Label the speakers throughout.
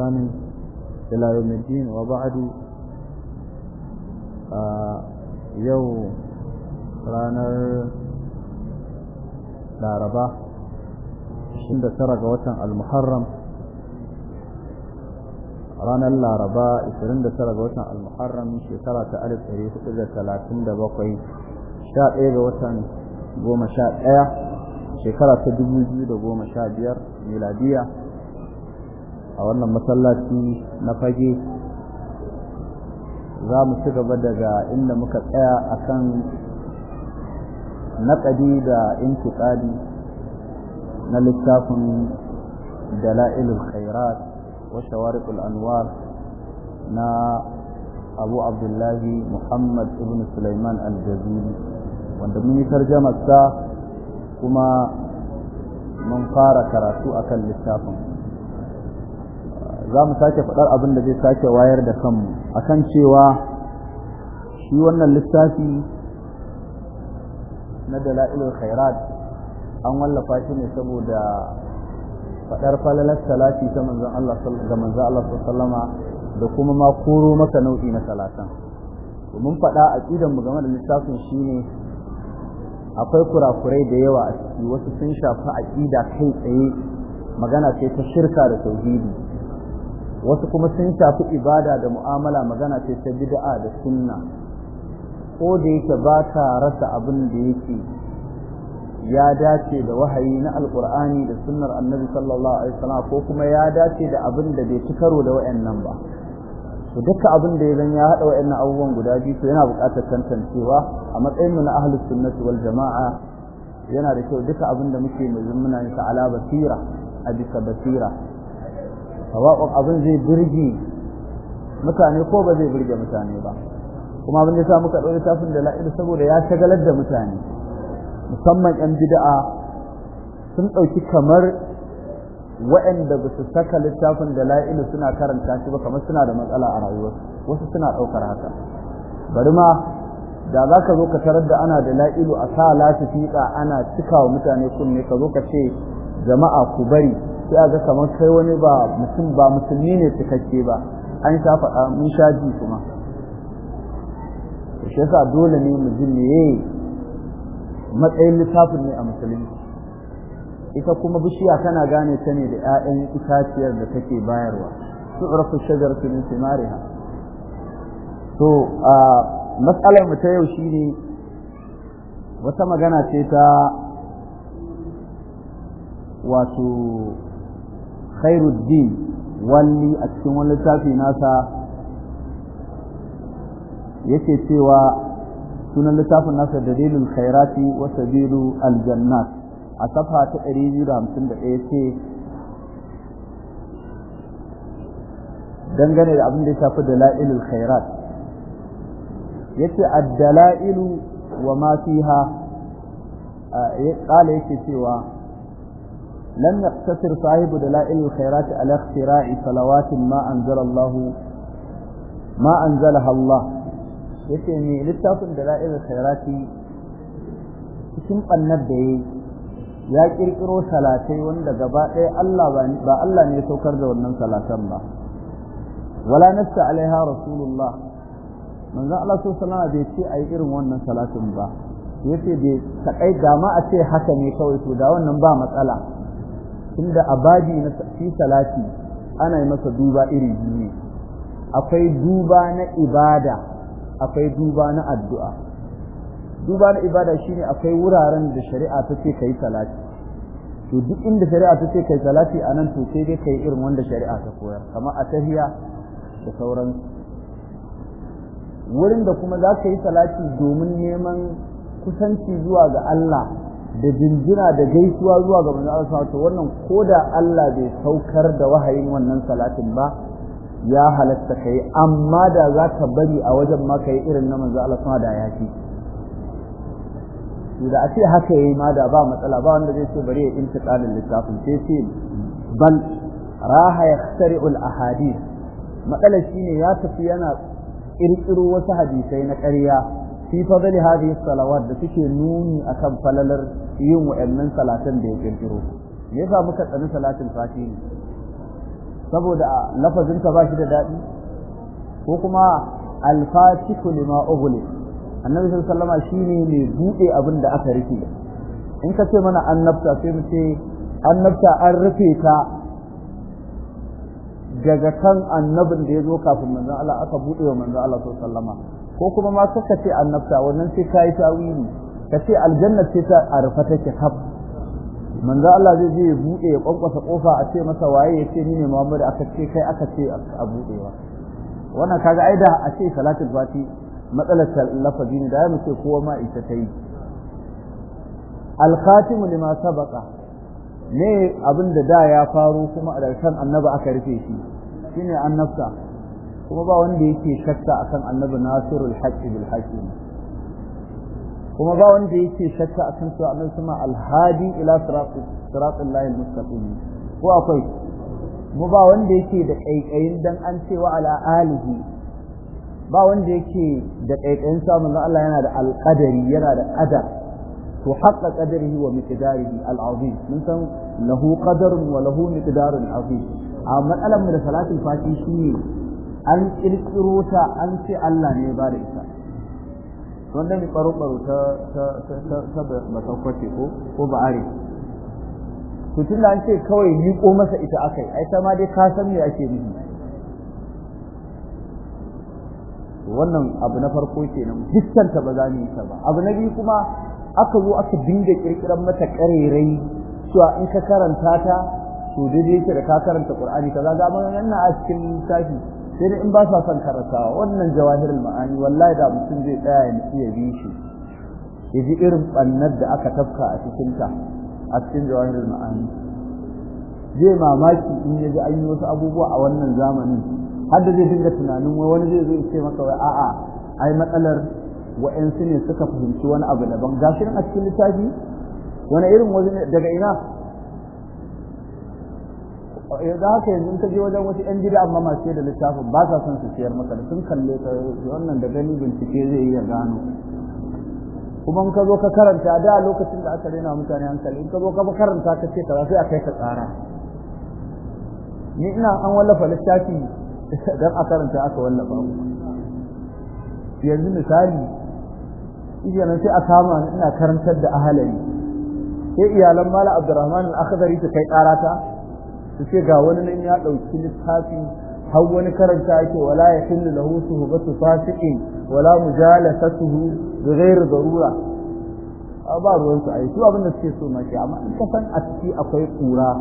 Speaker 1: بإحسان إلى يوم الدين وبعد يوم ranar laraba 29 ga watan al-muharram ranar laraba 29 ga watan al-muharram shekara ta 1437 11 ga watan 11 shekara ta 2015 miladiya a wannan masallaci na fage za mu ci gaba daga inda muka tsaya akan naƙadi da intiƙadi na littafin dala'ilul khairat wa shawariqul anwar na abu abdullahi muhammad ibn sulaiman al-jaziri wanda mun yi tarjamarsa kuma mun fara karatu akan littafin za mu sake faɗar abin da zai sake wayar da kanmu akan cewa shi wannan littafi na dala'ilul khairat an wallafa shi ne saboda faɗar falalar salati ta manzon Allah ga manzon Allah sallama da kuma ma koro maka nau'i na salatan mun faɗa aqidan mu game da littafin ne akwai kurakurai da yawa a ciki wasu sun shafi aƙida kai tsaye magana ce ta shirka da tauhidi wasu kuma sun shafi ibada da mu'amala magana ce ta bid'a da sunna ko da yake ba ta rasa abin da yake ya dace da wahayi na alkur'ani da sunnar annabi sallallahu alaihi wasallam ko kuma ya dace da abin da bai ci karo da wayannan ba to duka abin da zan ya hada wayannan abubuwan guda biyu to yana buƙatar tantancewa a matsayin mu na ahlus sunnati wal jama'a yana da kyau duka abin da muke mu muna ala basira a bisa basira sawa'un abin zai birge mutane ko ba zai birge mutane ba kuma abin da sa muka ɗaure tafin da la'ir saboda ya shagalar da mutane musamman yan bid'a sun ɗauki kamar waɗanda ba su saka littafin da la'ila suna karanta shi ba kamar suna da matsala a rayuwar wasu suna ɗaukar haka bari ma da za ka zo ka tarar da ana da la'ilu a sa lasu fiƙa ana cika wa mutane kunne ka zo ka ce jama'a ku bari sai ga kamar kai wani ba mutum ba musulmi ne cikakke ba an sha faɗa mun sha ji kuma shi yasa dole ne mu ji meye matsayin littafin ne a musulunci ita kuma bishiya tana gane ta ne da 'ya'yan itaciyar da take bayarwa tu'rafu shajaratu min thimariha to a matsalar mu ta yau shine wata magana ce ta wato khairuddin walli a cikin wani littafi nasa yake cewa sunan littafin nasa dalilin khairati wa sabilu aljannat a safa ta 251 ce dangane da abin da ya shafi dalailul khairat ya ce wa ma fiha ya kala yake cewa لم يقتصر صاحب دلائل الخيرات على اختراع صلوات ما أنزل الله ما أنزلها الله يسمي للتاكم دلائل الخيرات cikin ɓannar da ya ya ƙirƙiro salatai wanda gaba ɗaya Allah ba Allah saukar da wannan salatan ba wala nasta alaiha rasulullah za Allah sallallahu alaihi bai ce ayi irin wannan salatin ba yace bai takai dama a ce haka ne kawai to da wannan ba matsala tunda abadi na fi salati ana yi masa duba iri biyu akwai duba na ibada akwai duba na addu'a duba na ibada shine akwai wuraren da shari'a ta ce kai salati to duk inda shari'a ta ce kai salati anan to sai dai kai irin wanda shari'a ta koyar kamar a tahiya da sauran wurin da kuma za ka yi salati domin neman kusanci zuwa ga Allah da jinjina da gaisuwa zuwa ga manzo Allah sallallahu alaihi wannan koda Allah bai saukar da wahayin wannan salatin ba ya halatta kai amma da za ka bari a wajen ma kai irin na manzo Allah sallallahu da ya da a ce haka yayi ma da ba matsala ba wanda zai ce bari ya intiqalin littafin sai ce bal raha yahtari'u al-ahadith matsalar shine ya tafi yana kirkiro wasu hadisai na ƙarya fi fadli hadhihi salawat da suke nuni akan falalar yin wayannan salatan da ya kirkiro me yasa muka tsani salatin fati ne saboda lafazin ta bashi da dadi ko kuma al-fatihu lima ughli annabi sallallahu alaihi wasallam shine mai bude abin da aka rike in ka ce mana annabta sai mu ce annabta an rufe ta daga kan annabin da ya zo kafin manzon Allah aka bude wa manzon Allah sallallahu alaihi ko kuma ma suka ce annabta wannan sai kai tawili kace aljanna ce ta arfa take hab manzo Allah zai je ya bude ya kwankwasa kofa a ce masa waye yace ni ne Muhammad aka ce kai aka ce a budewa wannan kaga aida a ce salatul fati matsalar lafazi ne da ya kowa ma ita ta yi lima sabaqa ne abin da da ya faru kuma a ƙarshen annaba aka rufe shi shine annabta kuma ba wanda yake shakka akan annabi nasirul haqqi bil haqqi kuma ba wanda yake shakka akan cewa annabi sama alhadi ila siratil lahi mustaqim ko akwai mu ba wanda yake da kaikayin dan an ce wa ala alihi ba wanda yake da kaikayin sa manzon Allah yana da alqadari yana da qadar to haqqa qadarihi wa miqdarihi al'azim mun san lahu qadarun wa lahu miqdarun azim a matsalar mu da salatul shi shine an kirkiro ta an ce Allah ne ba da ita wanda mai baro baro ta matakwace ko ko ba are da an ce kawai miƙo masa ita akai ai ta ma dai ka san me ake nufi wannan abu na farko kenan dukkan ta ba za mu ba abu na biyu kuma aka zo aka dinga kirkiran mata karerai cewa in ka karanta ta to daidai ce da ka karanta Qur'ani ka za nan a cikin tashi sai dai in ba sa son karatawa wannan jawahirul ma'ani wallahi da mutum zai tsaya ya nutsi ya bi shi Yaji irin bannar da aka tafka a ta, a cikin jawahirul ma'ani zai mamaki in ya ji an yi wasu abubuwa a wannan zamanin har da zai dinga tunanin wai wani zai zo ya ce maka wai a'a ai matsalar wa'ansu ne suka fahimci wani abu daban gashi nan a cikin littafi wani irin wani daga ina Eh, da haka yanzu ka je wajen wasu yan gida amma masu da littafin ba sa son su siyar maka da sun kalle ka wannan da gani bincike zai iya gano kuma ka zo ka karanta da lokacin da aka rena mutane hankali in ka zo ka karanta ka ce kaza sai a kai ka tsara ni ina an wallafa littafi dan a karanta aka wallafa yanzu misali nan sai a kama ina karantar da ahalari sai iyalan mala abdurrahman al-akhdari su kai tsarata su ce ga wani nan ya ɗauki littafi har wani karanta ake wala ya hillu lahu suhbatu fasiqin wala mujalasatuhu da rura a ba ruwan su yi su abin da suke so ma amma in ka san a ciki akwai ƙura,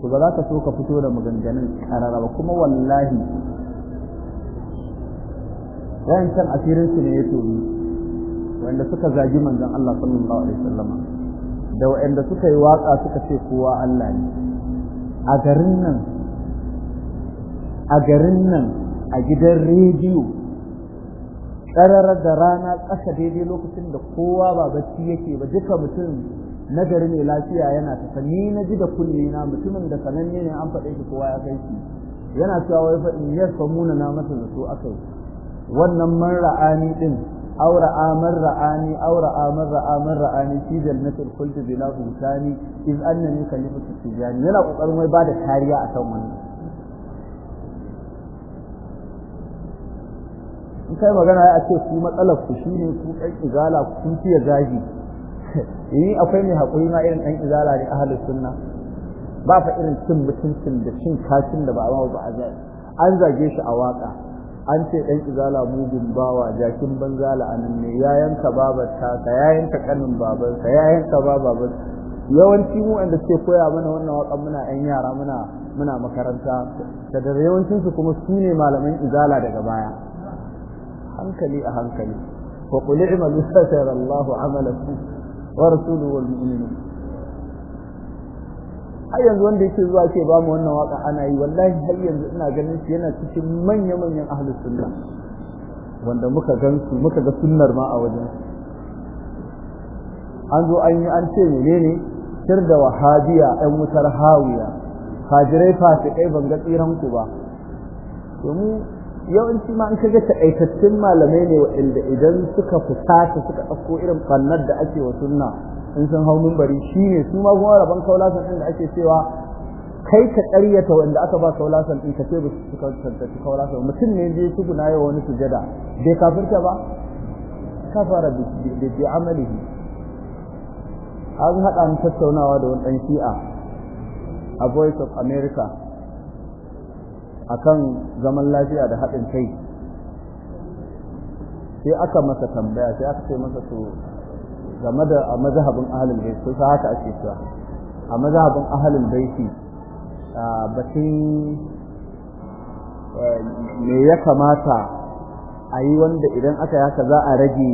Speaker 1: to ba za ka so ka fito da maganganun karara ba kuma wallahi wayan can asirin su ne ya tobi wanda suka zagi manzon Allah sallallahu alaihi wasallama da wayanda suka yi waka suka ce kowa Allah ne a garin nan a garin nan a gidan rediyo ƙararar da rana ƙasa daidai lokacin da kowa ba bacci yake ba duka mutum na gari mai lafiya yana tafa ni na ji da kunne na mutumin da sananne ne an faɗe shi kowa ya kai shi yana cewa wai faɗin in muna na masa zato akai wannan man ra'ani din أو رأى من رآني أو رأى من رأى من رآني في جنة قلت بلا بلساني إذ أنني خليفة التجاني يلا أقرم بعد كاريا أتومن in kai magana ya ce ku matsalar ku ne su ɗan izala ku fiye gaji yi akwai mai haƙuri ma irin ɗan izala ne halin sunna ba fa irin cin mutuncin da cin kashin da ba a ba a an zage shi a waƙa an ce dan izala mugun bawa jakin banza la'anin ne ya yanka babarsa ta ya yanka kanin ta ya yanka babarsa yawanci mu wanda suke koya mana wannan wakan muna yan yara muna muna makaranta Da yawancin su kuma su ne malaman izala daga baya hankali a hankali wa qul i'malu fa Allahu 'amalakum wa rasuluhu wal mu'minun har yanzu wanda yake zuwa ke ba mu wannan waka ana yi wallahi har yanzu ina ganin shi yana cikin manya manyan ahlus sunna wanda muka gan su muka ga sunnar ma a wajen an zo an yi an ce menene shir da wahabiya ɗan wutar hawiya hajirai fasikai ban ga tsiran ku ba domin yawanci ma an ga taƙaitattun malamai ne waɗanda idan suka fusata suka ɗauko irin ɓannar da ake wa sunna in sun hau mimbari shi ne su ma kuma rabon kaulasan ɗin da ake cewa kai ka ƙaryata wanda aka ba kaulasan ɗin ka ce ba su tantance kaulasan mutum ne zai su guna yawa wani sujada bai kafirta ba Ka fara kafara bi amalihi an haɗa ni tattaunawa da wani ɗan shi'a a voice of america akan zaman lafiya da haɗin kai sai aka masa tambaya sai aka ce masa to game da a mazhabin ahlul bayt sai haka ake cewa a mazhabin ahlul a batun eh, me ya kamata a yi wanda idan aka yi haka za a rage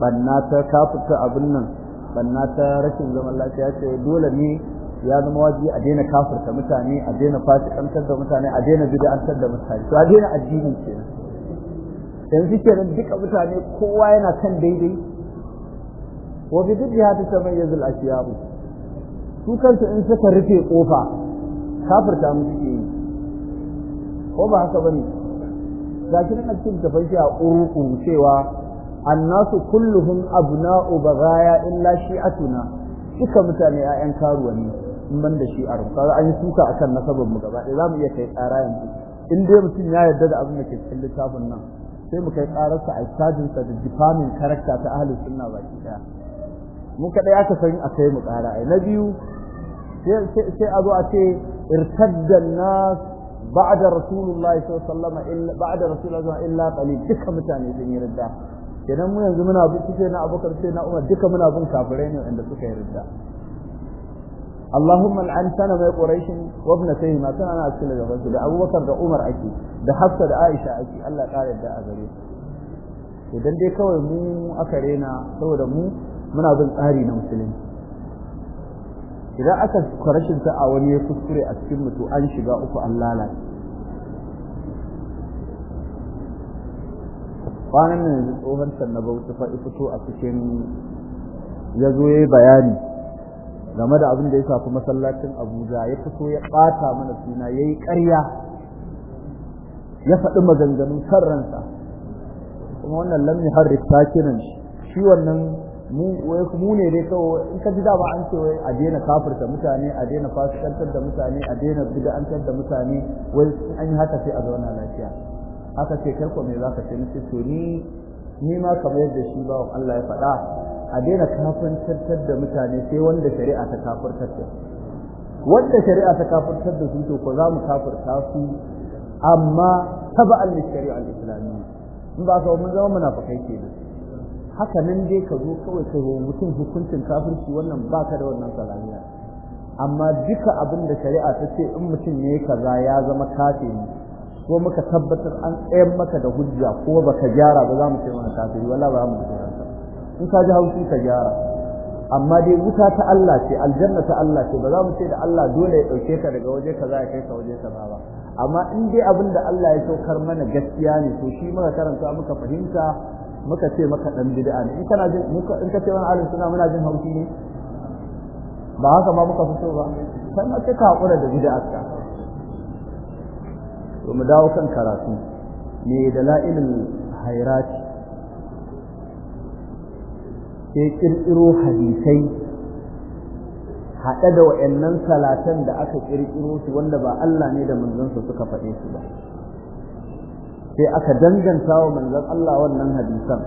Speaker 1: banna ta kafuta abin nan banna ta rashin zaman lafiya sai dole ne ya zama waje a daina kafirta mutane a daina fasikantar da mutane a daina bid'antar da mutane to a daina addinin kenan yanzu nan duka mutane kowa yana kan daidai wa bi bid'a ta tamayyaz al ashiyab su kanta in suka rufe kofa kafirta mu suke yi ko ba haka bane ga shi nan cikin tafashi a uruku cewa annasu kulluhum abna'u bagaya illa shi'atuna duka mutane 'ya'yan karuwa ne in ban da shi a rubuta an yi suka akan nasabar mu gaba ɗaya zamu iya kai tsara yanzu in dai mutum ya yarda da abin da ke cikin littafin nan sai mu kai tsararsa a cajin sa da difamin karakta ta ahlus sunna baki daya mu kada aka san akai mu tsara ai na biyu sai sai a zo a ce irtadda nas ba'da rasulullahi sallallahu alaihi wasallam ba'da rasulullahi illa qalil duka mutane sun yarda kenan mu yanzu muna bin na abubakar sai na umar duka muna bin kafirai ne wanda suka yi ridda. Allahumma al'an mai quraishin wa ibnatayhima tana na cikin gaban su da Abubakar da Umar ake da Hafsa da Aisha ake Allah ƙara yadda a su idan dai kawai mu aka rena saboda mu muna bin tsari na musulunci idan aka rashin ta a wani ya kuskure a cikin mutu an shiga uku an lalace kwanan nan tsohon sannan bauta fa fito a cikin ya zo bayani game da abin da ya shafi masallacin Abuja ya fito ya ɓata mana suna yayi ƙarya ya faɗi maganganun kan ransa kuma wannan lamni harrik sakinan shi wannan mu ne dai kawai in ka ji dama an ce wai a daina kafirta mutane a daina fasikantar da mutane a daina bid'antar da mutane wai an yi haka sai a zauna lafiya haka ce kai ko me zaka ce ni ce to ni ni ma kamar yadda shi bawan Allah ya faɗa a daina kafirtar da mutane sai wanda shari'a ta kafirtar da wanda shari'a ta kafirtar da su to ko za mu kafirta su amma taba'an li shari'a al-islamiyya in ba sa mun zama munafikai kenan haka nan dai ka zo kawai sai wa mutum hukuncin kafirci wannan baka da wannan salamiya amma duka abin da shari'a ta ce in mutum ne kaza ya zama kafiri ko muka tabbatar an tsayar maka da hujja ko baka gyara ba za mu ce mana kafiri wallahi ba mu gyara in ji haushi ka gyara amma dai wuta ta Allah ce aljanna ta Allah ce ba za mu ce da Allah dole ya dauke ka daga waje kaza ya kai ka waje kaza ba amma in dai abin da Allah ya saukar mana gaskiya ne to shi muka karanta muka fahimta muka ce maka dan bid'a ne in kana jin in ka ce wani alim suna muna jin haushi ne ba haka ma muka fito ba sai ma ka hakura da bid'a ka to mu dawo kan karatu da la'ilin hayrati sai ƙirƙiro hadisai haɗe da wa'annan salatan da aka kirkiro su wanda ba Allah ne da manzansa suka faɗe su ba sai aka danganta wa manzan Allah wannan hadisan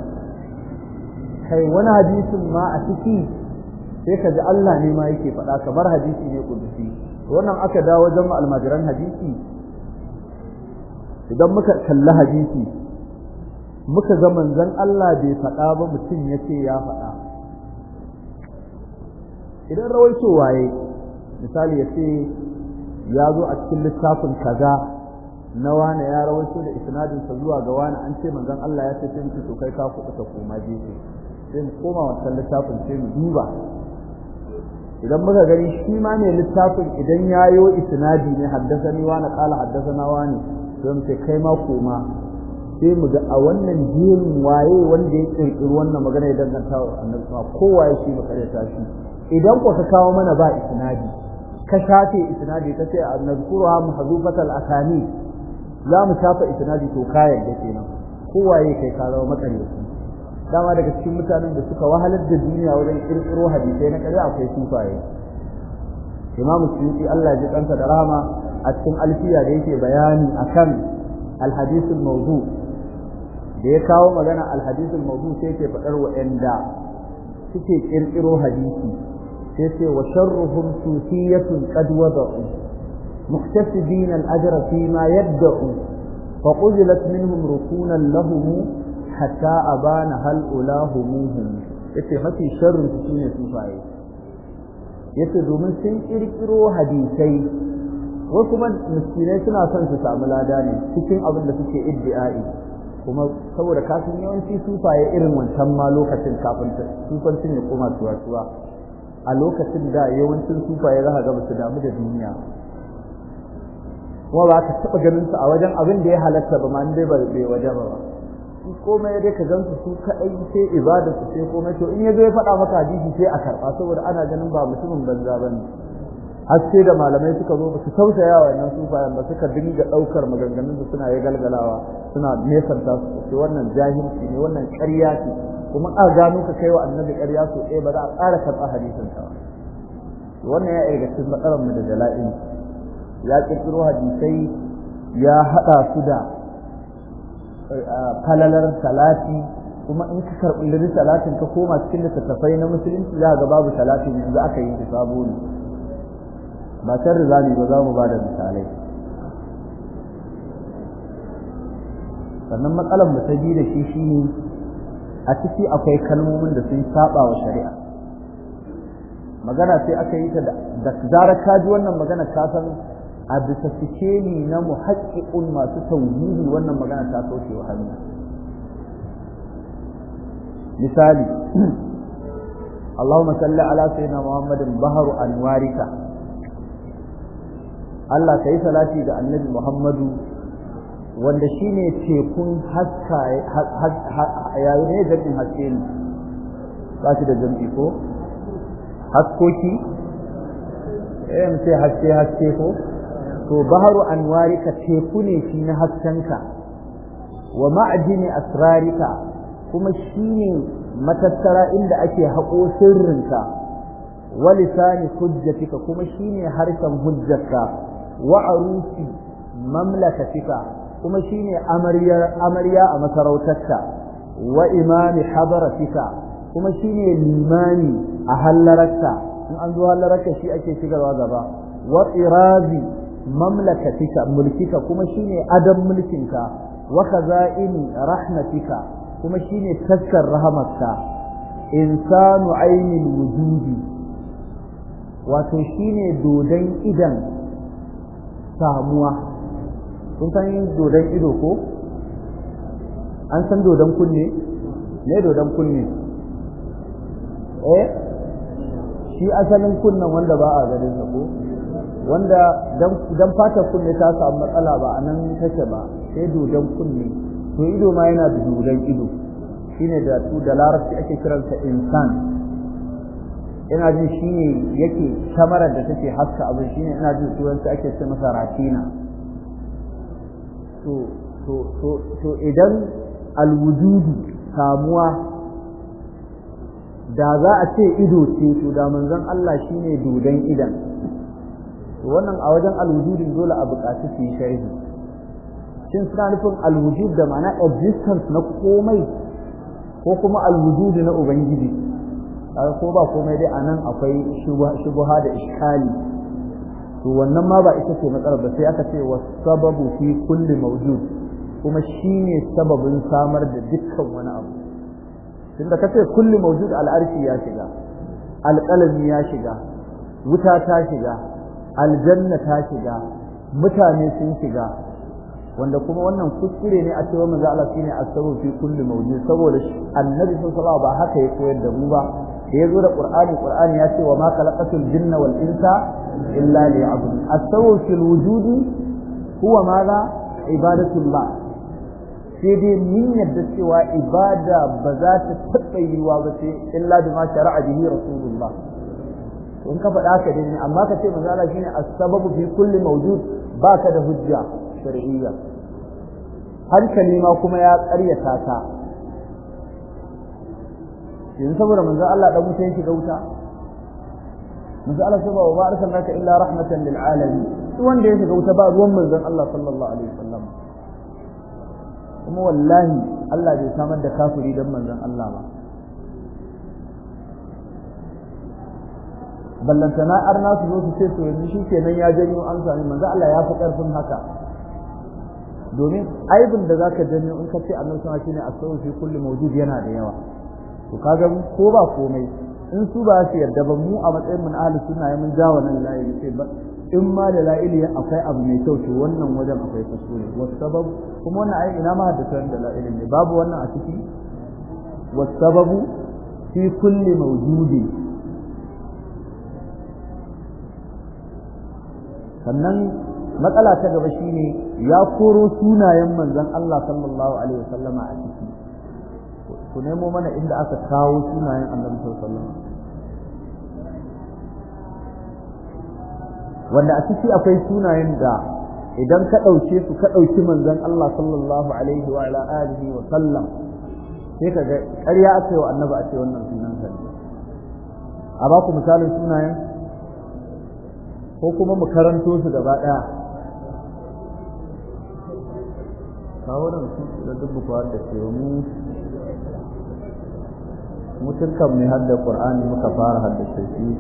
Speaker 1: kai wani hadisin ma a ciki sai ka ji Allah ne ma yake faɗa kamar hadisi ne kudusi wannan aka dawo wajen almajiran hadisi idan muka kalli hadisi muka ga manzon Allah bai faɗa ba mutum yace ya faɗa idan rawaito waye misali ya ce ya zo a cikin littafin kaza na wane ya rawaito da isnadinsa zuwa ga wani an ce manzon Allah ya ce sai mutu to kai ka kuɓa ta koma sai mu koma wancan littafin sai mu duba idan muka gani shi ma ne littafin idan ya yo isnadi ne haddasani wani kala haddasana wani sai mu ce kai ma koma sai mu ga a wannan jerin waye wanda ya kirkiri wannan magana ya danganta wa annabi kowa ya shi makarata shi idan ku ka kawo mana ba isnadi ka shafe isnadi ka ce nazkuruha mahzufatal asani za mu shafa isnadi to ka yarda kenan kowaye kai ka zama dama daga cikin mutanen da suka wahalar da duniya wajen kirkiro hadisai na kare akwai sufaye imamu suyuti Allah ya ji kansa da rahama a cikin alfiya da yake bayani akan alhadisul mawdu da ya kawo magana alhadisin mawdu sai yake faɗar wa'anda suke kirkiro hadisi sai ce wa sharruhum sufiyatun qad wada'u muhtasibin al-ajra fi ma yabda'u fa quzilat minhum rukunan lahum hatta abana hal ulahumuhum yace mafi sharrin su shine sufaye yace domin sun kirkiro hadisai wasu kuma miskinai suna son su samu lada ne cikin abin da suke iddi'ai kuma saboda kasan yawanci sufaye irin wancan ma lokacin kafin sufancin ya koma tuwa-tuwa a lokacin da yawancin sufaye za ga gaba su damu da duniya kuma ba ka taɓa ganin su a wajen abin da ya halatta ba ma dai ba bai waje ba ba komai dai ka gansu su kaɗai sai ibada su sai komai to in ya zo ya faɗa maka hadisi sai a karɓa saboda ana ganin ba mutumin banza ba ne haske da malamai suka zo su tausaya wa wannan sufayen ba suka dinga ɗaukar maganganun su suna ya galgalawa suna nesanta su wannan jahilci ne wannan ƙarya ce kuma a gano ka kai wa annabi ƙarya so ɗaya ba za a ƙara karɓar hadisin ka wannan ya daga cikin matsalar mu da jala'in ya ƙirƙiro hadisai ya haɗa su da falalar salati kuma in ka karɓi lirin salatin ka koma cikin littattafai na musulunci za ga babu salatin yanzu aka yi shi sabo ne ba can rizali ba za mu ba da misalai sannan matsalar mu ta biyu da shi ne. a ciki akwai kalmomin da sun saba wa shari'a magana sai aka yi ta da zarar ka ji wannan magana ka san a bisa ni na muhaqqiqun masu tauhidi wannan magana ta kauce wa hannu misali Allahumma salli ala sayyidina Muhammadin baharu anwarika Allah kai salati ga Annabi Muhammadu wanda shine tekun haska yayin ne jami'in haske ne ba shi da jami'i ko haskoki eh sai haske haske ko to baharu anwarika teku ne shi na haskenka wa ma'ajini asrarika kuma shi ne matattara inda ake haƙo sirrinka wa lisani hujjatika kuma shi ne harshen hujjarka wa arusi mamlakatika kuma shi amarya amarya a masarautarta wa imami hadaratika kuma shine limani a hallararta in an zo hallararta shi ake shigarwa gaba wa irazi mamlakatika mulkika kuma ne adam mulkinka wa khaza'in fita kuma shine taskar rahamarka insanu ainil wujudi wato shine dodon idan samuwa kun san dodon ido ko an san dodon kunne ne dodon kunne eh shi asalin kunnen wanda ba a ganin sa ko wanda dan fata kunne ta samu matsala ba anan take ba sai dodon kunne to ido ma yana da dodon ido shine da su da larabci ake kiransa insan ina jin shine yake kamarar da take haska abin shine ina jin turanci ake ce masa ratina to idan alwujudi samuwa da za a ce ido ce to da manzon Allah shine dudan idan to wannan a wajen alwujudin dole a buƙaci su sharhi shin suna nufin alwujud da ma'ana existence na komai ko kuma alwujudu na ubangiji ko ba komai dai anan akwai shubha da iskali to wannan ma ba ita ce matsalar ba sai aka ce wa sababu fi kulli mawjud kuma shine sababin samar da dukkan wani abu tunda kace kulli mawjud al'arshi ya shiga alqalami ya shiga wuta ta shiga aljanna ta shiga mutane sun shiga wanda kuma wannan kuskure ne a cewa manzo Allah shine as-sabab fi kulli mawjud saboda annabi sallallahu alaihi wasallam ba haka ya koyar da mu ba da ya zo da qur'ani qur'ani ya ce wa ma khalaqatul jinna wal insa illa liya'budun as-sawu wujudi huwa madha ibadatullah sai dai min yadda cewa ibada ba za ta taɓa yiwa ba sai illa da ma shara'a bihi rasulullah to in ka faɗa ka dai amma ka ce manzo Allah shine as-sababu fi kulli mawjud baka da hujja shar'iyya hankali ma kuma ya ƙaryata ta yanzu saboda manzo Allah dan wuta yake ga wuta manzo Allah sai ba wa arsalnaka illa rahmatan lil alamin duk wanda ya shiga wuta ba ruwan manzon Allah sallallahu alaihi wasallam kuma wallahi Allah bai samar da kafiri dan manzon Allah ba ballantana arna su zo su ce to yanzu shi kenan ya janyo an sami manzo Allah ya fi karfin haka domin aibin da zaka janyo in ka ce annabi sallallahu alaihi wasallam shine as-sawfi kulli mawjud yana da yawa to kaga ko ba komai in su ba su yarda ba mu a matsayin mun ahli sunna ya mun ja wannan layi sai ba in ma da la'ili akwai abu mai kyau to wannan wajen akwai wa sabab kuma wannan ai ina ma da da la'ili ne babu wannan a ciki wasababu fi kulli mawjudi sannan matsala ta gaba shine ya koro sunayen manzon Allah sallallahu alaihi wasallama a ciki ku nemo mana inda aka kawo sunayen annabi sallallahu alaihi wanda a ciki akwai sunayen da idan ka ɗauke su ka ɗauki manzon Allah sallallahu alaihi wa ala alihi wa sallam sai ka ga ƙarya aka yi wa annabi a ce wannan sunan sa a ba ku misalin sunayen ko kuma mu karanto su gaba ɗaya kawo nan su da kwa da ke mu mutunkan mai hadda Kur'ani muka fara haddace shi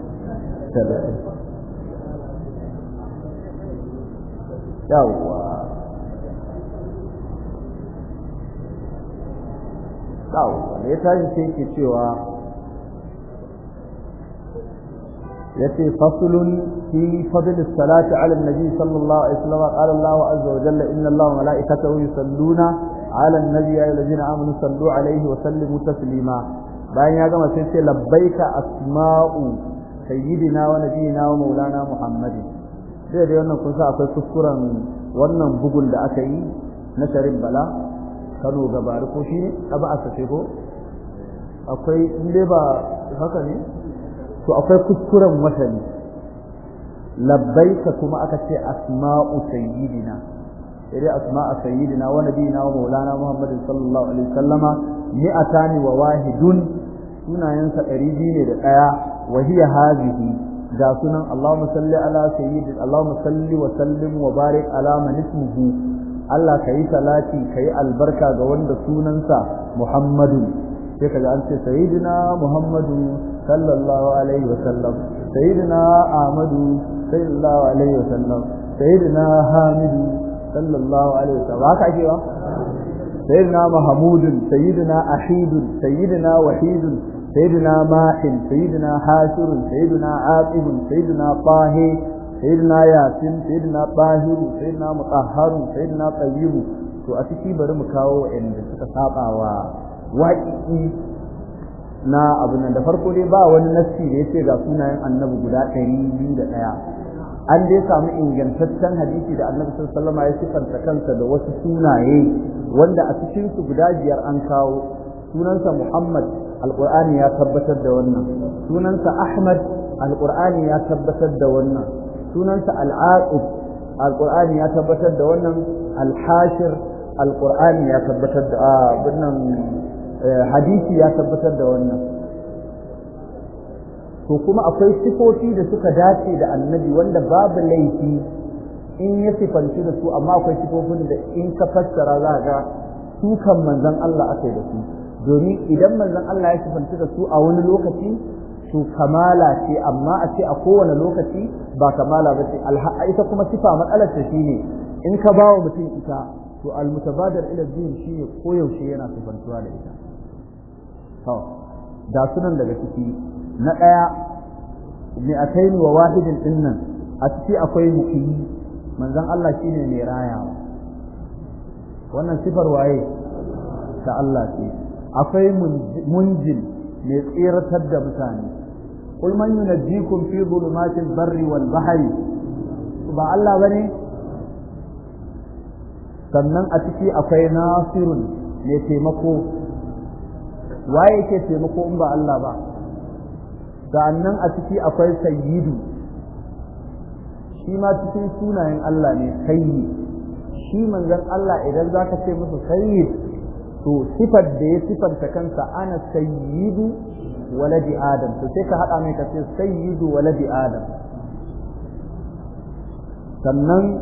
Speaker 1: yawwa yawwa ne tashi sai ke cewa yace faslun fi fadl salati 'ala an sallallahu alaihi wasallam qala azza wa jalla inna Allaha wa malaikatahu yusalluna 'ala amanu sallu 'alaihi wa sallimu taslima bayan ya gama sai ce labbaika asma'u sayyidina wa nabiyina wa maulana muhammad sai dai wannan kun akwai kuskuren wannan bugun da aka yi na sharif bala kano gabari ko shine aba asafe ko akwai inde ba haka ne to akwai kuskuren watani labbaika kuma aka ce asma'u sayyidina sai asma'a sayyidina wa nabiyina wa maulana muhammadin sallallahu alaihi wasallama mi'atani wa wahidun sunayensa ɗari biyu ne da ɗaya wa hiya hazihi ga sunan Allahumma salli ala sayyidin Allahumma salli wa sallim wa barik ala man ismuhu Allah ka yi salati ka yi albarka ga wanda sunansa Muhammadu sai kaga an ce sayyidina Muhammadu sallallahu alaihi wa sallam sayyidina Ahmadu sallallahu alaihi wa sallam sayyidina Hamidu sallallahu alaihi wa sallam haka ake ba sayyidina Mahmudun sayyidina Ahidun sayyidina Wahidun سيدنا ma'in سيدنا حاشر سيدنا عاقب سيدنا طاهي سيدنا yasin سيدنا طاهر سيدنا مطهر سيدنا tayyibu to a ciki bari mu kawo سكا suka واقي na abu nan da farko dai ba wani nassi da yace ga sunayen annabi guda ɗari biyu da ɗaya an dai samu ingantaccen hadisi da annabi sallallahu alaihi wasallam ya sifanta kansa da wasu sunaye wanda a cikin su guda biyar an kawo sunansa Muhammad alqur'ani ya tabbatar da wannan sunansa Ahmad alqur'ani ya tabbatar da wannan sunansa al-Aqib alqur'ani ya tabbatar da wannan al-Hashir alqur'ani ya tabbatar da ah, wannan eh, hadisi ya tabbatar da wannan to kuma akwai sifofi da suka dace da annabi wanda babu laifi in ya sifanci da su amma akwai sifofin da in ka fassara za ga su kan manzon Allah aka da su domin idan manzon Allah ya sifanta da su a wani lokaci su kamala ce amma a ce a kowane lokaci ba kamala ba ce ita kuma sifa matsalar ta shine in ka bawa mutum ita to almutabadar ila zuhur shine koyaushe yana sifantuwa da ita to da sunan daga ciki na daya mi'atayn wa wahidin dinnan a ciki akwai muqimi manzon Allah shine mai rayawa wannan sifar waye ta Allah ce akwai munjin mai tsiratar da mutane kul man yunajjikum fi dhulumatil barri wal bahri ba Allah bane sannan a ciki akwai nasirun mai taimako waye ke taimako in ba Allah ba sannan a ciki akwai sayyidu shi ma cikin sunayen Allah ne sayyi shi manzon Allah idan zaka ce musu sayyid to sifar da ya sifanta kansa ana sayyidu waladi adam to sai ka haɗa mai kace sayyidu waladi adam sannan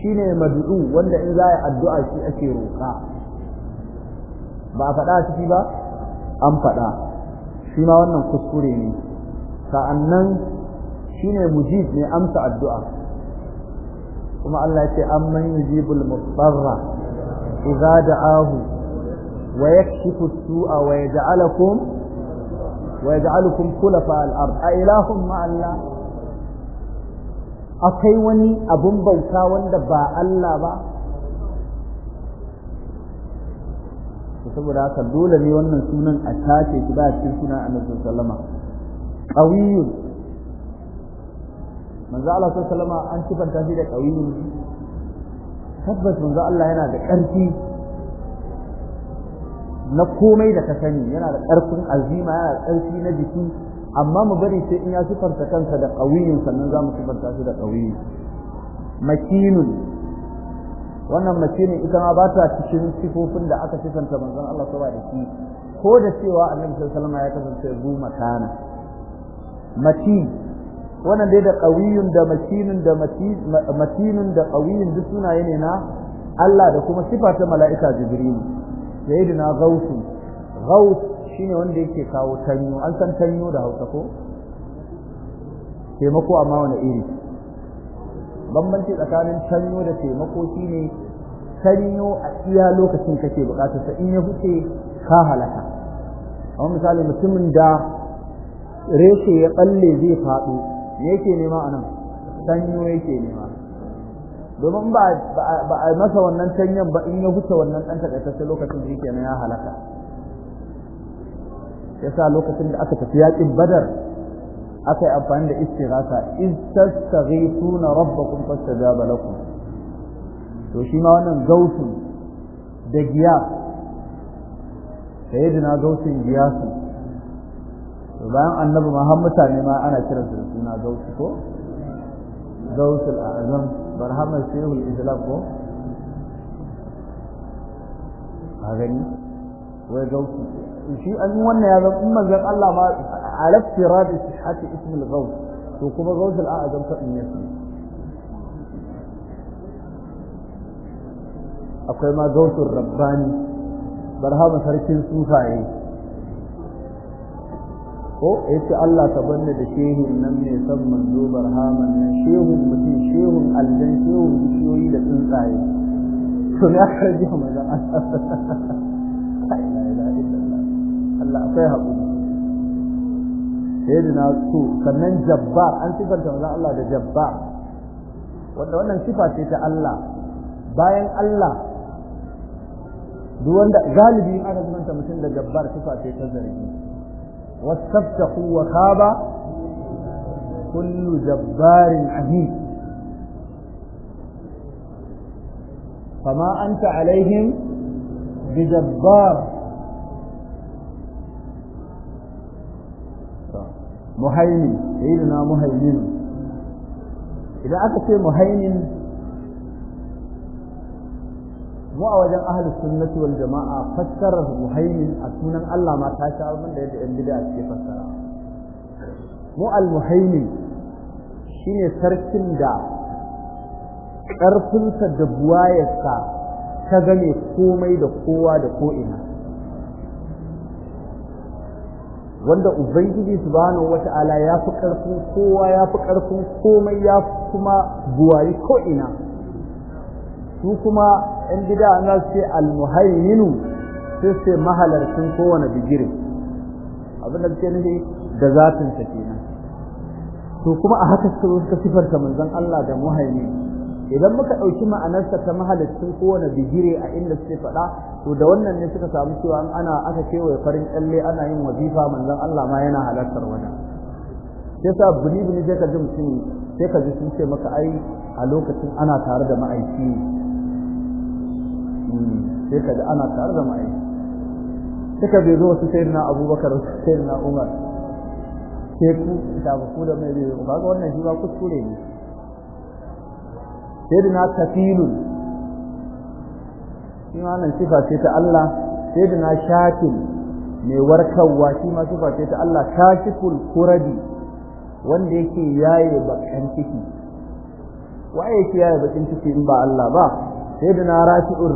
Speaker 1: shine madu'u wanda in za a addu'a shi ake roƙa ba a faɗa ciki ba an faɗa shi ma wannan kuskure ne sa'annan shine mujib ne amsa addu'a kuma Allah ya ce amman yujibul mudarra idza da'ahu ويكشف السوء ويجعلكم ويجعلكم خلفاء الأرض اله مع الله akai wani abun bauta wanda ba Allah ba saboda haka dole ne wannan sunan a tace shi ba cikin sunan Annabi sallama qawiyun manzo Allah sallama an sifanta shi da qawiyun tabbas manzo Allah yana da ƙarfi na komai da ka sani yana da ƙarfin azima yana da ƙarfi na jiki amma mu bari sai in ya sifarta kansa da ƙawiyin sannan za mu sifarta shi da ƙawiyi makinun wannan makinin ita ma ba ta cikin sifofin da aka sifanta manzon Allah saba da shi ko da cewa annabi sallallahu alaihi ya kasance zu makana matin wannan dai da ƙawiyun da makinun da matinun da ƙawiyin duk sunaye ne na Allah da kuma sifata mala'ika Jibrilu Gautu, Gautu shi shine wanda yake kawo tanyo an san tanyo da hausa ko taimako amma wani iri bambanci tsakanin tanyo da taimako shine tanyo a iya lokacin kake bukatar sa in ya huce ka halaka amma misali mutumin da reshe ya balle zai faɗo me yake nema anan tanyo yake nema domin ba a masa wannan tanyan ba in ya huce wannan ɗan takaitaccen lokacin da yake ya halaka ya sa lokacin da aka tafi yaƙin badar aka yi amfani da istirasa in tastaghithuna rabbakum fastajaba lakum to shi ma wannan gautun da giya sayyidina gausun giyasu to bayan annabi ma har mutane ma ana kiransu da suna gautu ko برهم شيخ الاسلام هو هذا هو الغوث شيء ان ون يا ما زق الله ما على افتراض صحه اسم الغوث تو كما غوث الاعظم كان يسمي اكو غوث الرباني برهم شركين سوسايه ko ya ce Allah ka banne da shehun nan mai san manzo barhaman nan shehun mutum shehun aljan shehun bishiyoyi da tsuntsaye to ne aka ji a maza Allah akwai haƙuri sai na su sannan jabbar an sifanta maza Allah da jabbar wanda wannan sifa ce ta Allah bayan Allah duk wanda galibi in aka mutum da jabbar sifa ce ta zargi واستفتحوا وخاب كل جبار عزيز فما أنت عليهم بجبار مهيمن سيدنا مهيمن إذا أكثر مهيمن mu a wajen ahli sunnati wal jama'a fassarar muhaimin a sunan Allah ma ta sha abin da yadda yan bid'a suke fassara mu al muhaimin shine sarkin da ƙarfinsa da buwayarsa ta gane komai da kowa da ko'ina wanda ubangiji subhanahu wata'ala ya fi karfin kowa ya fi karfin komai ya kuma buwayi ko'ina su kuma yan gida na su ce almuhayyinu su ce mahalarcin kowane bigire abin da suke nufi da zatin sa kenan to kuma a haka suka sifarta manzon Allah da muhaymin idan muka ɗauki ma'anarsa ta mahalarcin kowane bigire a inda suke faɗa to da wannan ne suka samu cewa ana aka kewaye farin ƙyalle ana yin wazifa manzon Allah ma yana halartar wani yasa bini bini sai ka ji mutum sai ka ji sun ce maka ai a lokacin ana tare da ma'aiki sai ka ana tare da mai suka bai zo su sayyidina abubakar su sayyidina umar sai ku da ba ku da mai bai ba ga wannan shi ba kuskure ne sayyidina kafilun shi ma nan sifa ce ta Allah na shakil mai warkarwa shi ma sifa ce ta Allah kashiful kuradi wanda yake yaye bakin ciki waye yake yaye bakin ciki in ba Allah ba sayyidina rafi'ur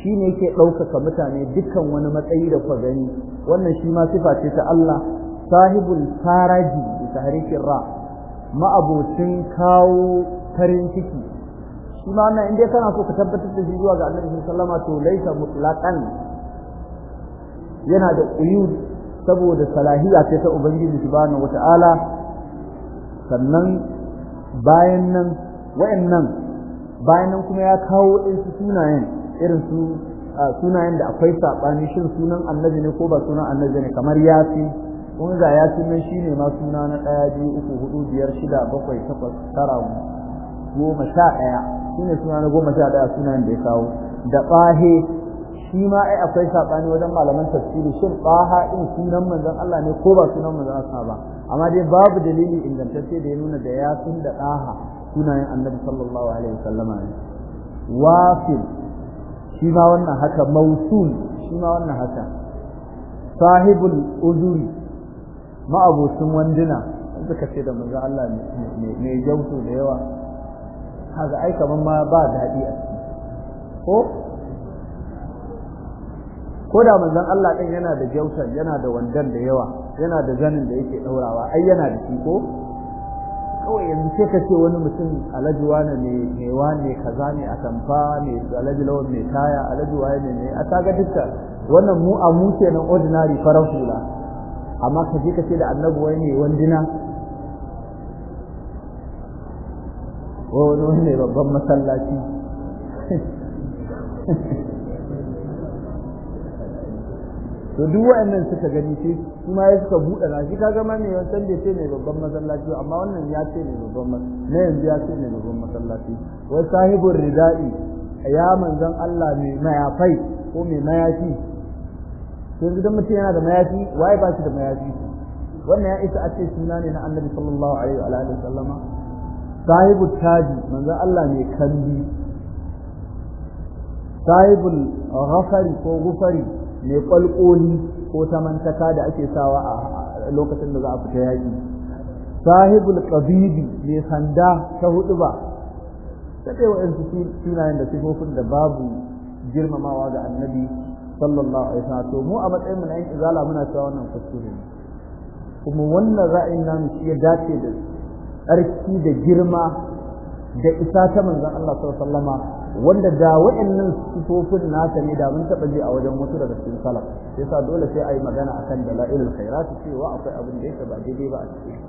Speaker 1: shi ne yake ɗaukaka mutane dukkan wani matsayi da kwa gani wannan shi ma sifa ce ta Allah sahibul faraji da tahrikin ra ma'abocin kawo farin ciki shi ma wannan inda kana so ka tabbatar da shi zuwa ga Annabi sallallahu alaihi wasallam to laisa mutlaqan yana da uyud saboda Salahiyya ce ta Ubangiji subhanahu wata'ala sannan bayan nan wayannan bayan nan kuma ya kawo su sunayen irin su sunayen da akwai saɓani shin sunan annabi ne ko ba sunan annabi ne kamar yafi kun ga yafi shi ne ma suna na ɗaya biyu uku hudu biyar shida bakwai takwas tara goma sha ɗaya ne suna na goma sha ɗaya sunayen da ya kawo da ɓahe shi ma ai akwai saɓani wajen malaman tafsiri shin ɓaha ɗin sunan manzon Allah ne ko ba sunan manzon Allah ba amma dai babu dalili ingantacce da ya nuna da yafin da ɗaha sunayen annabi sallallahu alaihi wasallama ne wafil shi ma wannan haka mausul shi ma wannan haka sahibul uzuri ma'abocin wanduna suka ce da manzo Allah mai jautu da yawa haka ai kaman ma ba daɗi a ciki ko ko da manzon Allah din yana da jautar yana da wandan da yawa yana da zanin da yake daurawa ai yana da shi ko kawai yanzu sai ka ce wani mutum alajuwa wane ne mai wane kaza ne a tamfa ne alhaji lawan mai kaya alajuwa ne ne a taga dukkan wannan mu a muke nan ordinary farar hula amma ka je ka ce da annabu wai ne wandina wani wani ne babban masallaci to duk wa'annan suka gani ce su ma suka buɗe na shi kaga ma mai wancan da ce mai babban masallaci amma wannan ya ce mai babban masallaci na yanzu ya ce mai babban masallaci wai sahibul rida'i ya manzon Allah mai mayafai ko mai mayafi to idan mutum yana da mayafi waye ba shi da mayafi wannan ya isa a ce suna ne na annabi sallallahu alaihi wa alihi sallama sahibul taji manzon Allah mai kandi sahibul ghafari ko gufari mai kwalkoli ko samantaka da ake sawa a lokacin da za a fita yaƙi sahibul qabidi mai sanda ta hudu ba ta dai wa'ansu sunayen da sifofin da babu girmamawa ga annabi sallallahu alaihi wasallam to mu a matsayin mu na yin izala muna cewa wannan kuskure ne kuma wannan ra'ayin namu shi ya dace da tsarki da girma da isa ta manzon Allah sallallahu alaihi wanda da waɗannan sifofin nasa ne da mun taɓa ji a wajen wasu daga cikin salaf sai sa dole sai a yi magana akan dalailul khairat cewa akwai abin da yake ba daidai ba a cikin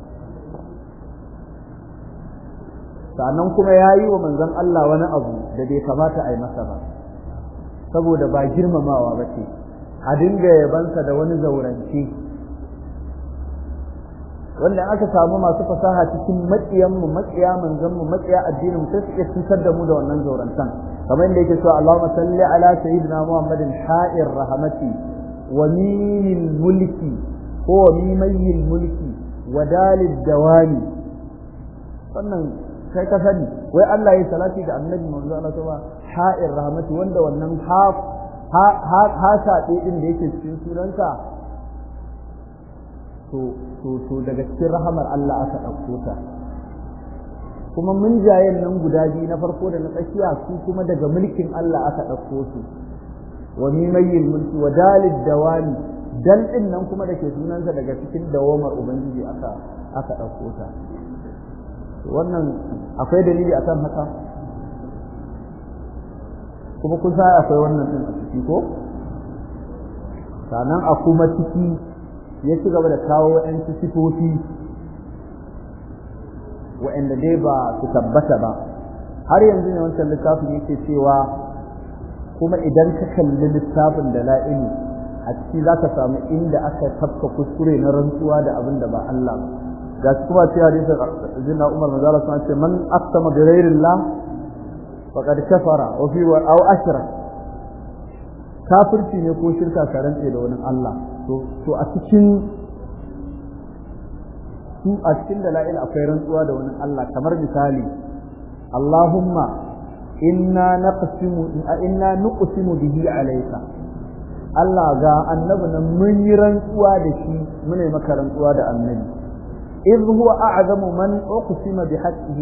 Speaker 1: sannan kuma ya yi wa manzon Allah wani abu da bai kamata a yi masa ba saboda ba girmamawa ba ce a dinga yabansa da wani zaurance wanda aka samu masu fasaha cikin matsiyan mu matsiya manzon mu matsiya addinin mu sai su cutar da mu da wannan zaurantan kamar yadda yake cewa Allahumma salli ala sayyidina Muhammadin ha'ir rahmati wa minil mulki ko wa mimayil mulki wa dalil dawani wannan kai ka sani wai Allah ya salati da annabi manzo Allah ta ba ha'ir rahmati wanda wannan ha ha ha sa din da yake cikin sunansa to daga cikin rahamar Allah aka ɗauko ta kuma jayen nan guda biyu na farko da na tsakiya su kuma daga mulkin Allah aka ɗauko su wa mimayyil mulki wa dalil dawani dan din nan kuma da ke sunansa daga cikin dawamar ubangiji aka aka ɗauko ta wannan akwai dalili akan haka kuma kusa akwai wannan din a ciki ko sannan a kuma ciki ya ci gaba da kawo wa'yansu sifofi wa'yanda dai ba su tabbata ba har yanzu ne wancan littafin yake cewa kuma idan ka kalli littafin da la'ini a ciki za ka samu inda aka tafka kuskure na rantsuwa da abin da ba Allah ga su kuma cewa hadisin zina umar mazala sun ce man aksama bi ghairillah faqad kafara wa fi wa aw kafirci ne ko shirka ka rantse da wani Allah to a cikin su a cikin la'il akwai rantsuwa da wani Allah kamar misali Allahumma inna naqsimu inna nuqsimu bihi alayka Allah ga annabi nan mun yi rantsuwa da shi mun yi maka rantsuwa da annabi idh huwa a'zamu man uqsima bi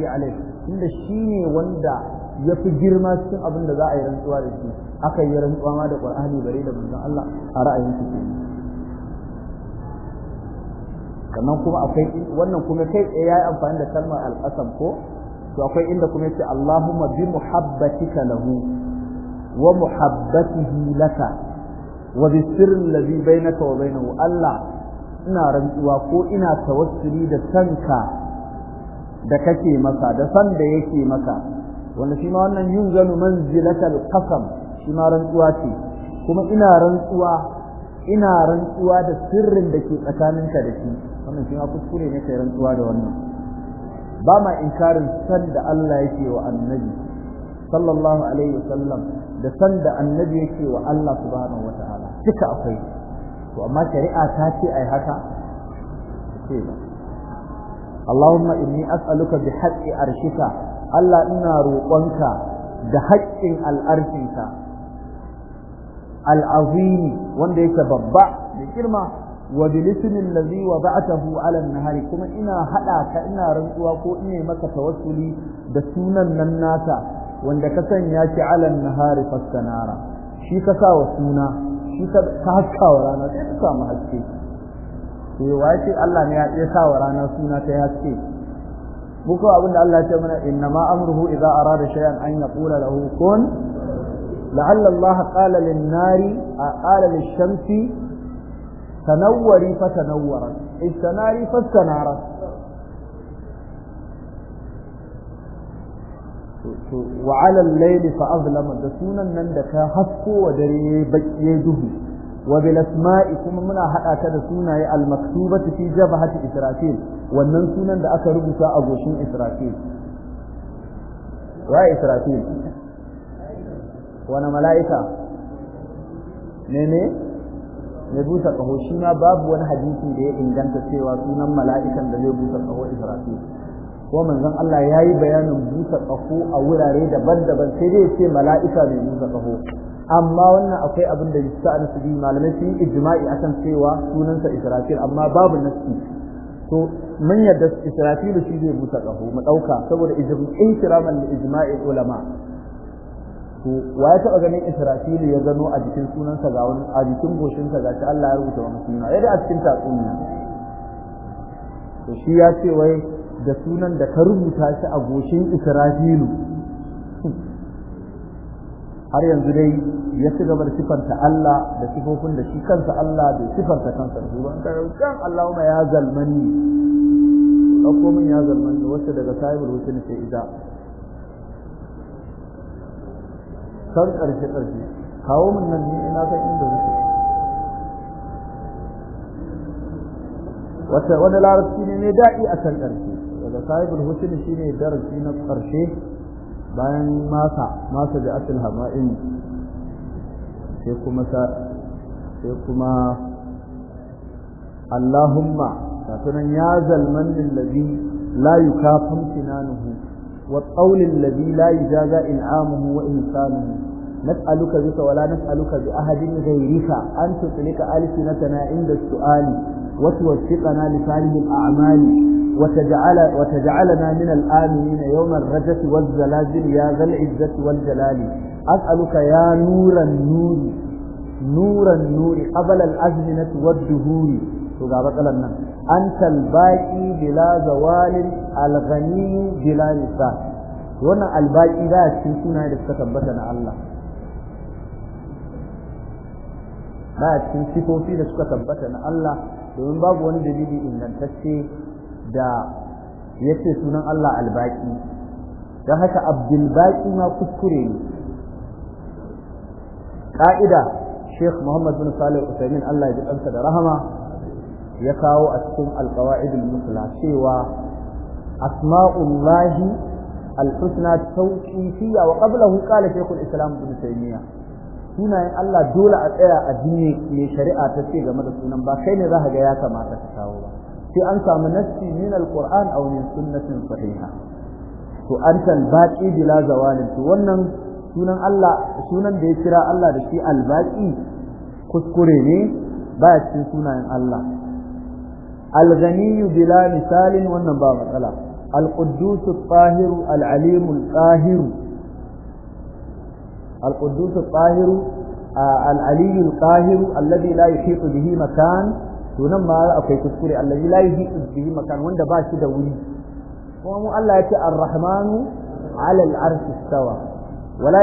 Speaker 1: alayka inda shine wanda ya fi girma cikin abin da za a yi rantsuwa da shi aka yi rantsuwa ma da Qur'ani bare da manzon Allah a ra'ayin shi sannan kuma akwai wannan kuma kai tsaye yayi amfani da kalmar alqasam ko to akwai inda kuma yace Allahumma bi muhabbatika lahu wa muhabbatihi laka wa bi sirrin ladhi bainaka wa bainahu Allah ina rantsuwa ko ina tawassuli da sanka da kake masa da san da yake maka wanda shi ma wannan yin zanu manzilatal qasam shi ma rantsuwa ce kuma ina rantsuwa ina rantsuwa da sirrin da ke tsakaninka da shi wannan shi kuskure ne kai rantsuwa da wannan ba ma inkarin san da Allah yake wa annabi sallallahu alaihi wasallam da san da annabi yake wa Allah subhanahu wataala duka akwai to amma shari'a ta ce ai haka ce ba Allahumma inni as'aluka bi haqqi arshika Allah ina roƙonka da haƙƙin al'arshinka al'azimi wanda yake babba da girma wa bil ismi allazi wada'tahu 'ala an-nahari kuma ina haɗa ka ina rantsuwa ko ina maka tawassuli da sunan nan nasa wanda ka sanya shi 'ala an-nahari faskanara shi ka sa wa suna shi ka haska rana sai ka samu haske to eh, wace Allah ne ya sa wa rana suna ta haske muku abinda Allah ya ce mana inna ma amruhu idza arada shay'an an yaqula lahu kun la'alla Allah shamsi tanawwari fa tanawwarat istanari fa istanarat to wa ala al-layli fa azlama da sunan nan da ka hasko dare ya duhu wa bil kuma muna haɗa ta da sunaye al-maktubati fi jabhati wannan sunan da aka rubuta a goshin israfil wani mala'ika ne mai busa kaho shi ma babu wani hadisi da ya inganta cewa sunan mala'ikan da zai busa kaho Israfil ko manzon Allah ya yi bayanin busa kaho a wurare daban-daban sai dai ce mala'ika mai busa kaho amma wannan akwai abin da sa'an su bi malamai sun yi ijma'i akan cewa sunansa Israfil amma babu nasi to mun yadda Israfil shi zai busa kaho mu dauka saboda ijma'i kiraman ijma'i ulama to wa ya taba ganin Israfilu ya gano a jikin sunansa ga wani a jikin goshinsa ga shi Allah ya rubuta wani suna da a cikin tatsuniya to shi ya ce wai da sunan da ka rubuta shi a goshin Israfilu har yanzu dai ya ci gaba da sifanta Allah da sifofin da shi kansa Allah bai sifanta kansa da ruwan ba ka rubuta Allahumma ya zalmani ɗauko min ya zalmani wacce daga sahibul husn sai ida san ƙarshe ƙarshe kawo min nan ni ina san inda zuke wata wani larabci ne mai daɗi a can ƙarshe daga sahibul husn shine darasi na ƙarshe bayan masa masa da asil hama'in sai kuma sa sai kuma Allahumma ta tunan ya zalman lillazi la yukafun sinanuhu والطول الذي لا يجازى إنعامه وإنسانه نسألك بك ولا نسألك بأحد غيرك أن تطلق ألسنتنا عند السؤال وتوفقنا لصالح الأعمال وتجعل وتجعلنا من الآمنين يوم الرجة والزلازل يا ذا العزة والجلال أسألك يا نور النور نور النور قبل الأزمنة والدهور تقابل لنا أنت الباقي bila زوال الغني بلا نساء وانا الباقي لا تشوفون هذا تثبتنا الله ba cikin sifofi da suka tabbata na Allah domin babu wani dalili ingantacce da yace sunan Allah albaki Dan haka abdulbaki ma kuskure ne ka'ida Sheikh Muhammad bin Salih Usaimin Allah ya ji da rahama ya kawo a cikin alqawaidul musla cewa asma'ullahi alhusna tawqifiyya wa qablahu qala kun islam ibn taymiyyah sunayen Allah dole a tsaya a dinne ne shari'a ta ce game da sunan ba kai ne za ka ga ya kamata ka kawo ba sai an samu nassi min alquran aw min sunnatin sahiha to an baqi bila zawalin to wannan sunan Allah sunan da ya kira Allah da shi albaqi kuskure ne ba cikin sunayen Allah al-ghaniyu bila misalin wannan ba matsala al-quddus al-tahir al-alim al-qahir al-quddus al bihi makan to akwai bihi makan wanda ba shi da wuri kuma mu Allah ya ce ar-rahmanu arshi wala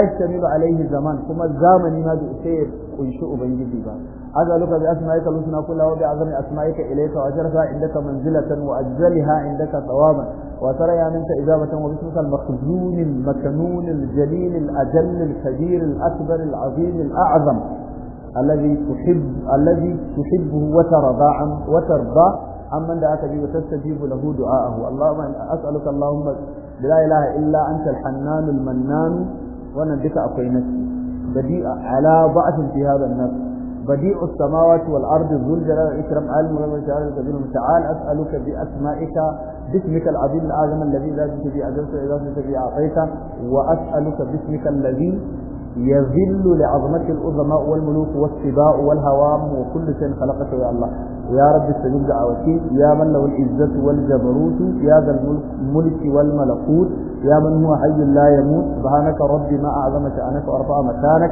Speaker 1: alayhi zaman kuma zamani ma bai sai kunshi ubangiji ba أسألك بأسمائك الحسنى كلها وبعظم أسمائك إليك وأجرها عندك منزلة وأجزلها عندك ثوابا وتريا منك إجابة وباسمك المخزون المكنون الجليل الأجل الكبير الأكبر العظيم الأعظم الذي تحب الذي تحبه وترضى وترضى عمن دعاك به وتستجيب له دعاءه اللهم أسألك اللهم لا إله إلا أنت الحنان المنان وأنا بك أقيمتي بديء على بعث في هذا النفس بديع السماوات والأرض ذو الجلال والإكرام علم الغيب تعالى الكبير تعال أسألك بأسمائك باسمك العظيم الأعظم الذي لا جئت به أجلت إذا جئت به أعطيت وأسألك باسمك الذي يذل لعظمته العظماء والملوك والسباء والهوام وكل شيء خلقته يا الله يا رب استجب دعوتي يا من له العزة والجبروت يا ذا الملك والملكوت يا من هو حي لا يموت سبحانك ربي ما أعظم شأنك وأرفع مكانك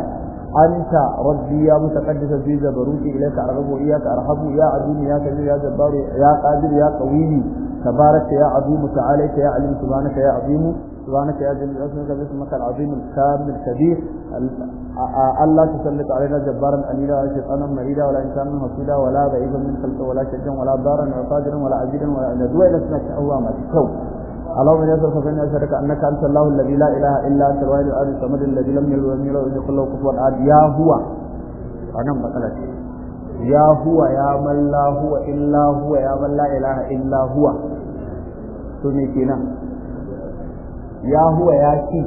Speaker 1: anta rabbi ya mutaqaddisa bi jabaruti ilayka arhamu ya arhamu ya adim ya kadir ya jabbar ya qadir ya qawim tabarak ya azim ta'alayka ya alim subhanaka ya azim subhanaka ya jalil ismuk ya ismuk al azim al kabir al kabir allah tasallat alayna jabbaran alila wa shaytanan marida wa la insanan hasida wa la ba'idan min khalqi wa la shajjan wa la daran wa tajiran wa la ajidan wa la adwa ila ismuk allah ma tikaw اللهم يا يسر فإن أشهدك انك انت الله الذي لا اله الا انت الواحد الأحد الصمد الذي لم يلد ولم يولد ولم يكن كفوا احد يا هو أنا مثلا يا هو يا من لا هو الا هو يا من لا اله الا هو سني كنا يا هو يا كي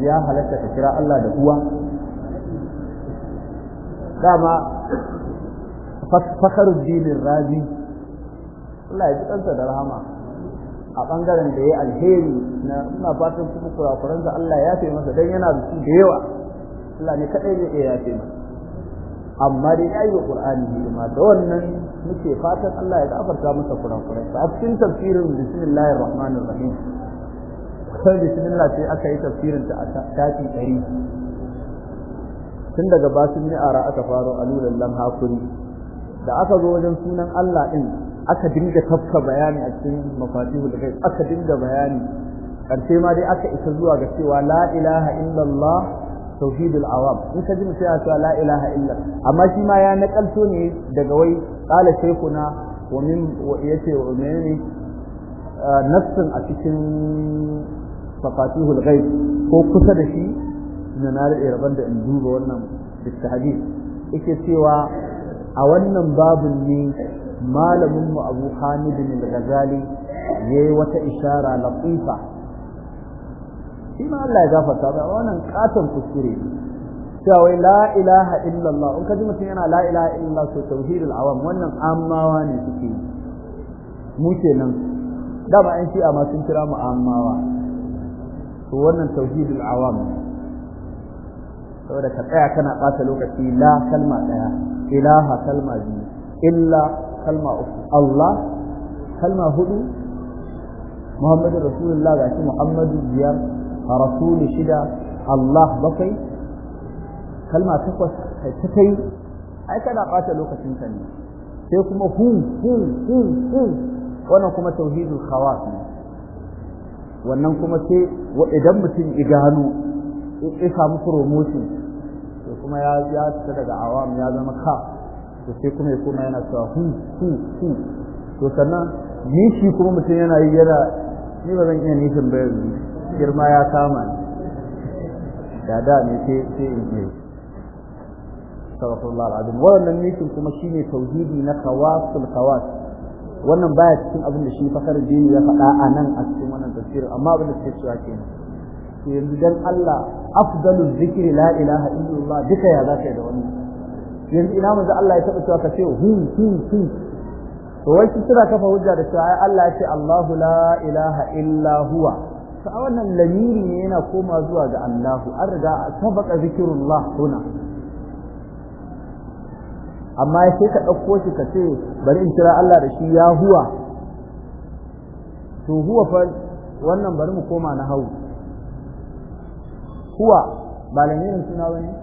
Speaker 1: يا هلك تكرا الله ده هو دعما فخر الدين الرازي Allah ya ji kansa da rahama a bangaren da ya alheri na ina fatan kuma kurakuran da Allah ya yafe masa dan yana da su da yawa Allah ne kadai ne ya yafe masa amma dai ya yi Qur'ani ne ma da wannan muke fatan Allah ya gafarta masa kurakurai a cikin tafsirin bismillahir rahmanir rahim sai bismillah sai aka yi tafsirin ta tafi ɗari. tun daga ni ara aka faro alulallan hakuri da aka zo wajen sunan Allah din aka dinga tafka bayani a cikin mafatihul ghaib aka dinga bayani karshe ma dai aka isa zuwa ga cewa la ilaha illallah tauhidul awam in ka ji mutum cewa la ilaha illa amma shi ma ya nakalto ne daga wai qala shaykhuna wa min wa yace wa menene eh, nassin a cikin mafatihul ghaib ko kusa da shi ina na da rabon da in duba wannan bistahadith yake cewa a wannan babun ne Malaminmu mu Abu Hamid al-Ghazali yayi wata ishara latifa shi ma Allah ya gafarta da wannan katon kuskure cewa wai la ilaha illallah in ka ji mutum yana la ilaha illallah to tauhidul awam wannan ammawa ne suke mu kenan da ba an shi'a ma sun kira mu ammawa to wannan tauhidul awam saboda ka tsaya kana ɓata lokaci la kalma ɗaya ilaha kalma biyu illa kalma uku Allah kalma hudu Muhammadu Rasulullah ga shi Muhammadu biyar Rasulu shida Allah bakwai kalma takwas ta kai ai kana ɓata lokacin ka ne sai kuma hu hu hu hu wannan kuma tauhidul khawas ne wannan kuma sai idan mutum ya gano ya samu promotion sai kuma ya ya daga awam ya zama khas to sai kuma ya koma yana cewa hu hu hu to sannan nishi kuma mutum yana yi yana ni ba zan iya nishin ba yanzu girma ya kama ni da da ne sai sai in je sallallahu alaihi wannan nishin kuma shine tauhidi na kawasul kawas wannan baya cikin abin da shi fakar dini ya faɗa a nan a cikin wannan tafsirin amma abin da suke cewa kenan to yanzu dan Allah afdalul zikri la ilaha illallah duka ya zaka da wannan yanzu ina manzo Allah ya taɓa cewa ka ce hu hu hu to wai suna kafa hujja da cewa Allah ya ce Allahu la ilaha illa huwa to a wannan lamiri ne yana koma zuwa ga Allahu an riga sabaqa zikrullah huna amma sai ka ɗauko shi ka ce bari in kira Allah da shi ya huwa to huwa fa wannan bari mu koma na hau huwa ba lamirin suna bane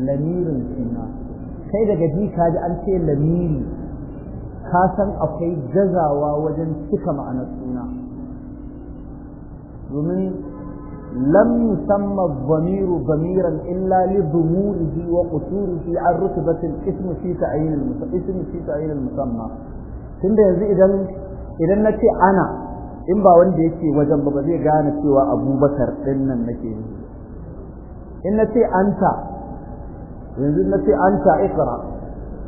Speaker 1: lamirin suna kai daga ji ka ji an ce lamiri ka san akwai gazawa wajen cika ma'anar suna domin lam yusamma dhamiru dhamiran illa li dhumurihi wa qusurihi an rutbati al ismu fi ta'yin al-ism fi ta'yin al-musamma tunda yanzu idan idan nace ana in ba wanda yake wajen ba ba zai gane cewa abubakar din nan nake yi in nace anta yanzu na ce an ta ikra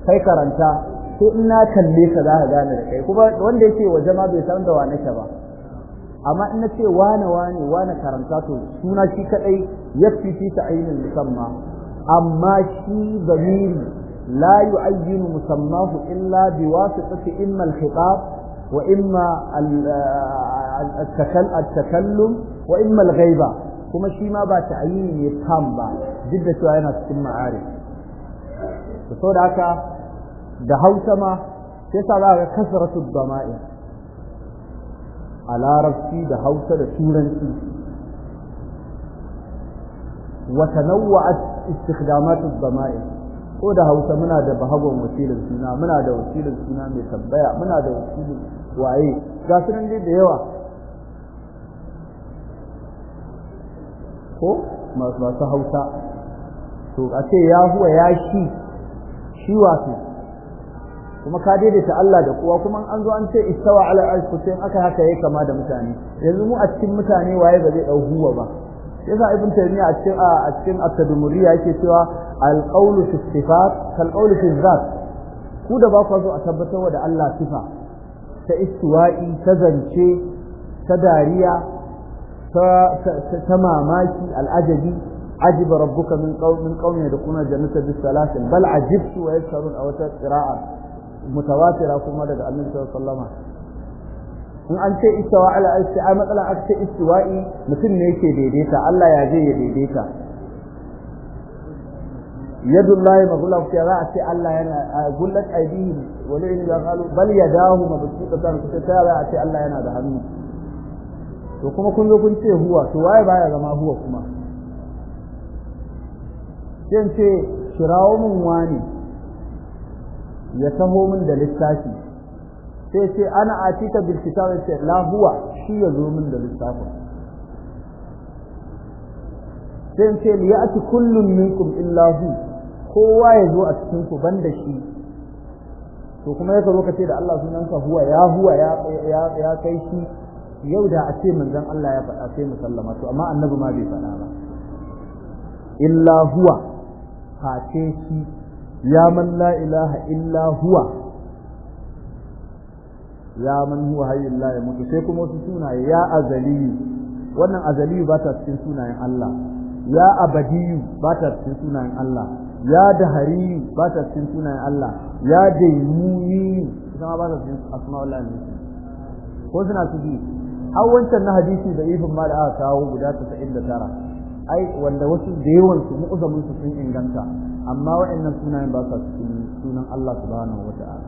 Speaker 1: kai karanta ko ina kalle ka za ka gane da kai kuma wanda yake wa ma bai san da wa nake ba amma in na ce wane wane wane karanta to suna shi kadai ya fi ta ainihin musamma amma shi zamiri la yu'ayyinu musammahu illa biwasitati imma al-khitab wa imma al-takallum wa imma al-ghaiba kuma shi ma ba ta'yini ne tam ba duk da cewa yana cikin ma'arif to so da aka da hausa ma sai sa za a kasar su dama'i a larabci da hausa da turanci wata wa a istikdamatu dama'i ko da hausa muna da bahagon wasilin suna muna da wasilin suna mai tabbaya muna da wasilin waye ga sunan dai da yawa ko masu hausa to a ce ya huwa ya shi shi wato kuma ka daidaita Allah da kowa kuma an zo an ce istawa ala al-arsh sai aka haka yayi kama da mutane yanzu mu a cikin mutane waye ba zai dau huwa ba yasa ibn taymiya a cikin a cikin at yake cewa al-qawlu fi sifat kal-qawlu fi dhat ku da ba ku zo a tabbatar da Allah sifa ta istiwa'i ta zance ta dariya ta mamaki al'ajabi عجب ربك من قوم من قوم يدخلون الجنة بالسلاسل بل عجبت ويسهرون أو قراءة متواترة كما لدى النبي صلى الله عليه وسلم in an ce istawa ala arshi ai matsala a ce istiwa'i mutum ne yake daidaita Allah ya je ya daidaita yadullahi maghlub ya za a ce Allah yana gullat aidihi wal ilmi ya qalu bal yadahu mabsuutatan kuta ta za a ce Allah yana da hannu to kuma kun zo kun ce huwa to waye baya zama huwa kuma sai ce kirawo min wani ya taho min da littafi sai ce ana atika bil kitab sai la huwa shi ya zo min da littafi sai ce li ya'ti kullun minkum illa hu kowa ya zo a cikin ku banda shi to kuma yaka zo kace da Allah sunansa huwa ya huwa ya ya kai shi yau da a ce manzon Allah ya faɗa sai mu sallama to amma annabi ma bai faɗa ba illa huwa face shi ya man la ilaha illa huwa ya man huwa hayyul la yamutu sai kuma wasu sunaye ya azali wannan azali ba ta cikin sunayen Allah ya abadi ba ta cikin sunayen Allah ya dahari ba ta cikin sunayen Allah ya daimuni kuma ba ta cikin asma'ul husna ko suna ciki har na hadisi da ibn ma da kawo guda 99 ai wanda wasu da yawan su mu'azamin su sun inganta amma wa'annan sunayen ba sa cikin sunan Allah subhanahu wata'ala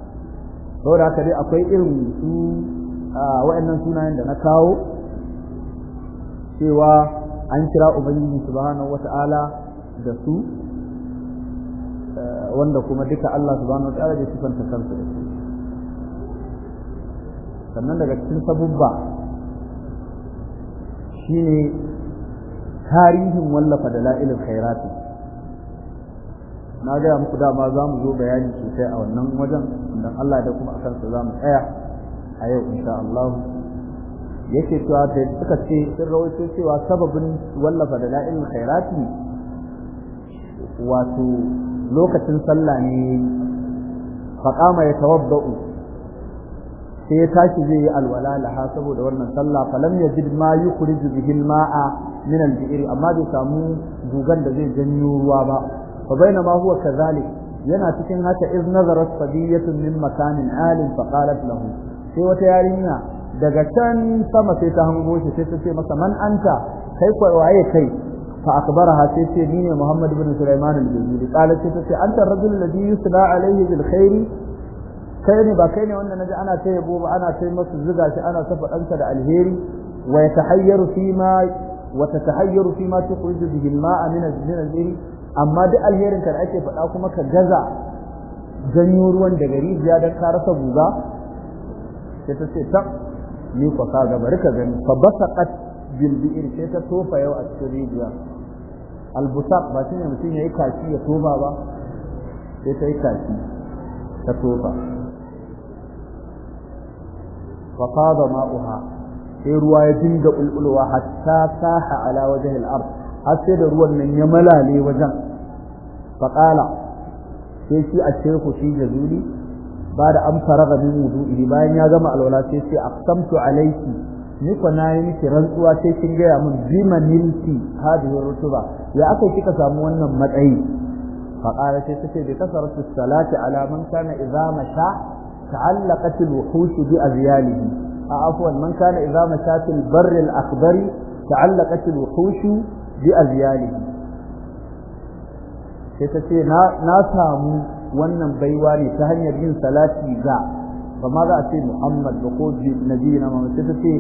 Speaker 1: da haka dai akwai irin su wa'annan sunayen da na kawo cewa an kira ubangiji subhanahu wata'ala da su wanda kuma duka Allah subhanahu wata'ala ya sifanta kansa da su sannan daga cikin sabubba shine tarihin wallafa da la'ilin khairati na gaya muku dama za mu zo bayani sosai a wannan wajen don Allah da kuma akan za mu tsaya a yau insha Allah yake cewa da suka ce sun rawaito cewa sababin wallafa da la'ilin khairati wato lokacin sallah ne ya tawabba'u sai ya tashi zai yi alwala laha saboda wannan sallah falam yajid ma yukhriju bihi al-ma'a min al-bi'r amma bai samu gugan da zai janyo ruwa ba fa ma huwa kadhalik yana cikin haka iz nazarat sabiyatun min makanin alin fa qalat lahu sai wata yarinya daga can sama sai ta hango shi sai ta ce masa man anta kai kwai waye kai fa akbaraha sai ce ni ne Muhammad ibn Sulaiman al-Jazuli qalat sai ta ce anta ar-rajul alladhi yusla alayhi bil khairi kai ne ba kai ne wanda naji ana ta yabo ba ana ta masa zuga shi ana safa ɗanka da alheri wa yatahayyaru fi ma wa tatahayyaru fi ma tukhriju bihi al-ma'a min al-jinn amma duk alherin ka da ake faɗa kuma ka gaza janyo ruwan daga rijiya dan ka rasa guga sai ta ce ta ni ko ka ga bari ka gani fa basaqat bil bi'r sai ta tofa yau a cikin rijiya al-busaq ba shine mutum ya yi kashi ya toba ba sai ta yi kashi ta tofa fa fada sai ruwa ya dinga bulbulowa hatta saha ala wajhi al-ard da ruwan nan ya malale wajen fa sai shi a shehu shi jazuli ba da an faraga min wudu'i bayan ya gama alwala sai sai aqsamtu alayki ni ko na yi miki rantsuwa sai kin gaya mun bimanilti hadhihi rutuba ya aka kika samu wannan matsayi fa qala sai sai bi kasaratu salati ala man kana iza mata. تعلقت الوحوش بأذياله عفوا من كان إذا مشى في البر الأخضر تعلقت الوحوش بأذياله sai ta ce na samu wannan baiwa ne ta hanyar yin salati ga ba ma za a ce Muhammad ba ko nabi na Muhammad sai ce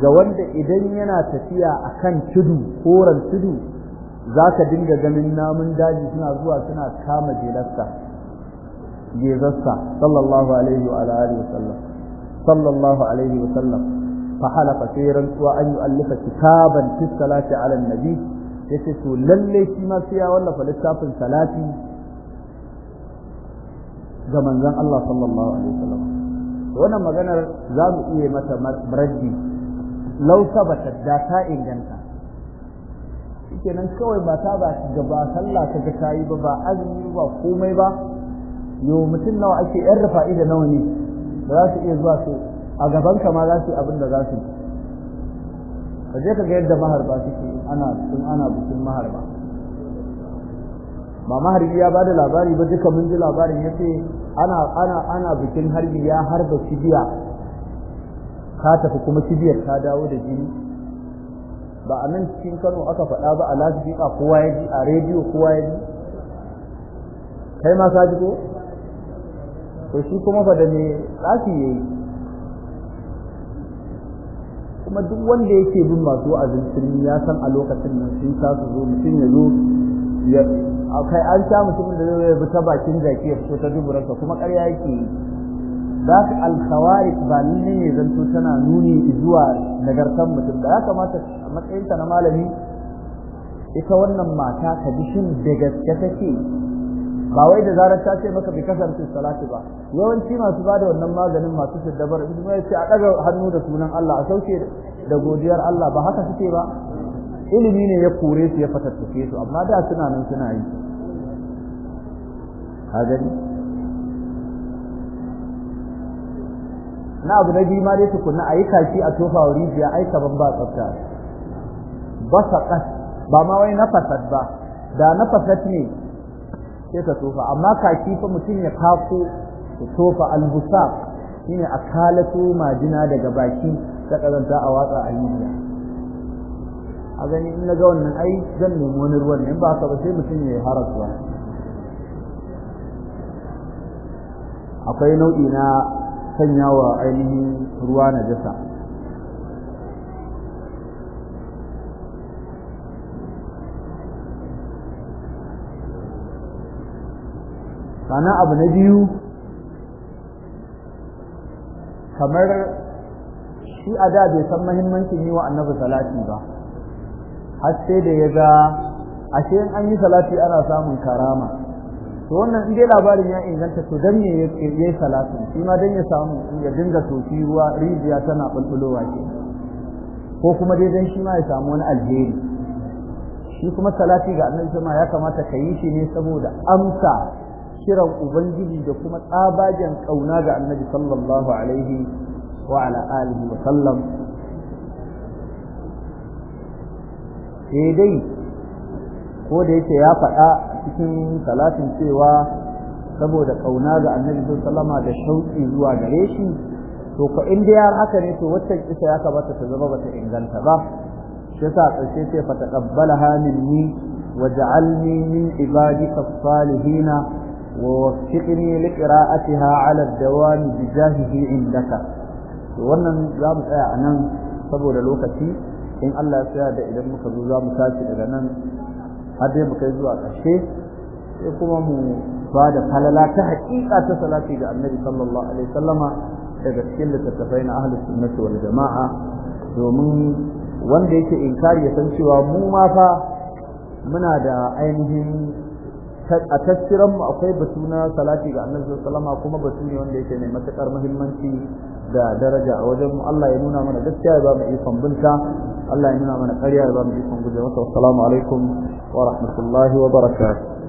Speaker 1: ga wanda idan yana tafiya a kan koran tudu za ka dinga ganin namun daji suna zuwa suna kama jelarsa جيزسا صلى الله عليه وعلى آله وسلم صلى الله عليه وسلم فحل قصيرا وأن يؤلف كتابا في الصلاة على النبي يسسو للي شما فيها ولا فلساف الصلاة زمن زن الله صلى الله عليه وسلم وانا مغانا زام ايه متى مرجي لو ثبتت ذاتا انجنتا kenan kawai ba ta ba gaba sallah ta ga tayi ba ba azumi ba komai ba yo mutum nawa ake yan rufa'i da nawa ne da za su iya zuwa su a gaban ka ma za su abin da za su ka je ka ga yadda maharba suke ana sun ana bukin maharba ba mahar ya bada labari ba duka mun ji labarin ya ce ana ana ana bikin harbi ya harba cibiya. ka tafi kuma cibiyar ta dawo da jini ba a nan cikin kano aka faɗa ba a lasifika kowa ya ji a rediyo kowa ya ji kai ma ka ji ko to shi kuma fa da me tsafi yayi kuma duk wanda yake bin masu wa'azin sirri ya san a lokacin nan sun sa su zo mutum ya zo ya kai an sha mutumin da zai bi ta bakin jaki ya fito ta duburansa kuma ƙarya yake yi za ka alkhawarij ba lalle ne zanto tana nuni zuwa nagartan mutum da ya kamata a matsayinta na malami ita wannan mata ka bishin da gaske take ba wai da zarar ta ce maka bi kasar su salati ba yawanci masu bada wannan maganin masu shaddabar idan ya ce a daga hannu da sunan Allah a sauke da godiyar Allah ba haka suke ba ilimi ne ya kore su ya fatattake su amma da suna nan suna yi hajjani na abu na biyu ma dai tukunna a yi kashi a tofa wa rijiya ai kaban ba tsafta ba saƙas ba ma wai na fasad ba da na fasad ne sai ka tofa amma kaki fa mutum ya kafo ya tofa albusaq shine a kalato majina daga baki ta karanta a watsa a a gani in na ga wannan ai zan nemi wani ruwan in ba ka ba sai mutum ya yi harasuwa akwai nau'i na sanyawa ainihin ruwa na jasa sannan abu na biyu kamar shi a da bai san mahimmancin yi wa annabi salati ba har sai da ya ga ashe in an yi salati ana samun karama to wannan in dai labarin ya inganta to dan me yayi salati shi ma dan ya samu ya dinga soki ruwa rijiya tana bulbulowa ke ko kuma dai dan shi ma ya samu wani alheri shi kuma salati ga annabi sama ya kamata ka yi shi ne saboda amsa kiran ubangiji da kuma tsabagen kauna ga annabi sallallahu alaihi wa ala alihi wa sallam eh dai ko da yake ya faɗa cikin talatin cewa saboda kauna ga annabi sallama da shauki zuwa gare shi to ko in dai har haka ne to waccan kisa ya kamata ta zama bata inganta ba shi yasa karshe ce fa taqabbalaha minni waj'alni min ibadika salihina ووفقني لقراءتها على الدوام بجاهه عندك wannan za mu tsaya a nan saboda lokaci in Allah ya tsaya da idan muka zo za mu tashi daga nan har dai mu yi zuwa ƙarshe sai kuma mu ba da falala ta haƙiƙa ta salati ga annabi sallallahu alaihi wasallama daga cikin littattafai na ahlus sunnati wal jama'a domin wanda yake inkari ya san cewa mu ma fa muna da ainihin a taskiran mu akwai batu na salati ga annabi sallallahu kuma batu ne wanda yake mai matakar muhimmanci da daraja a wajen mu Allah ya nuna mana gaskiya ya ba mu ikon binta Allah ya nuna mana ƙarya ya ba mu ikon guje masa assalamu alaikum wa rahmatullahi wa barakatuh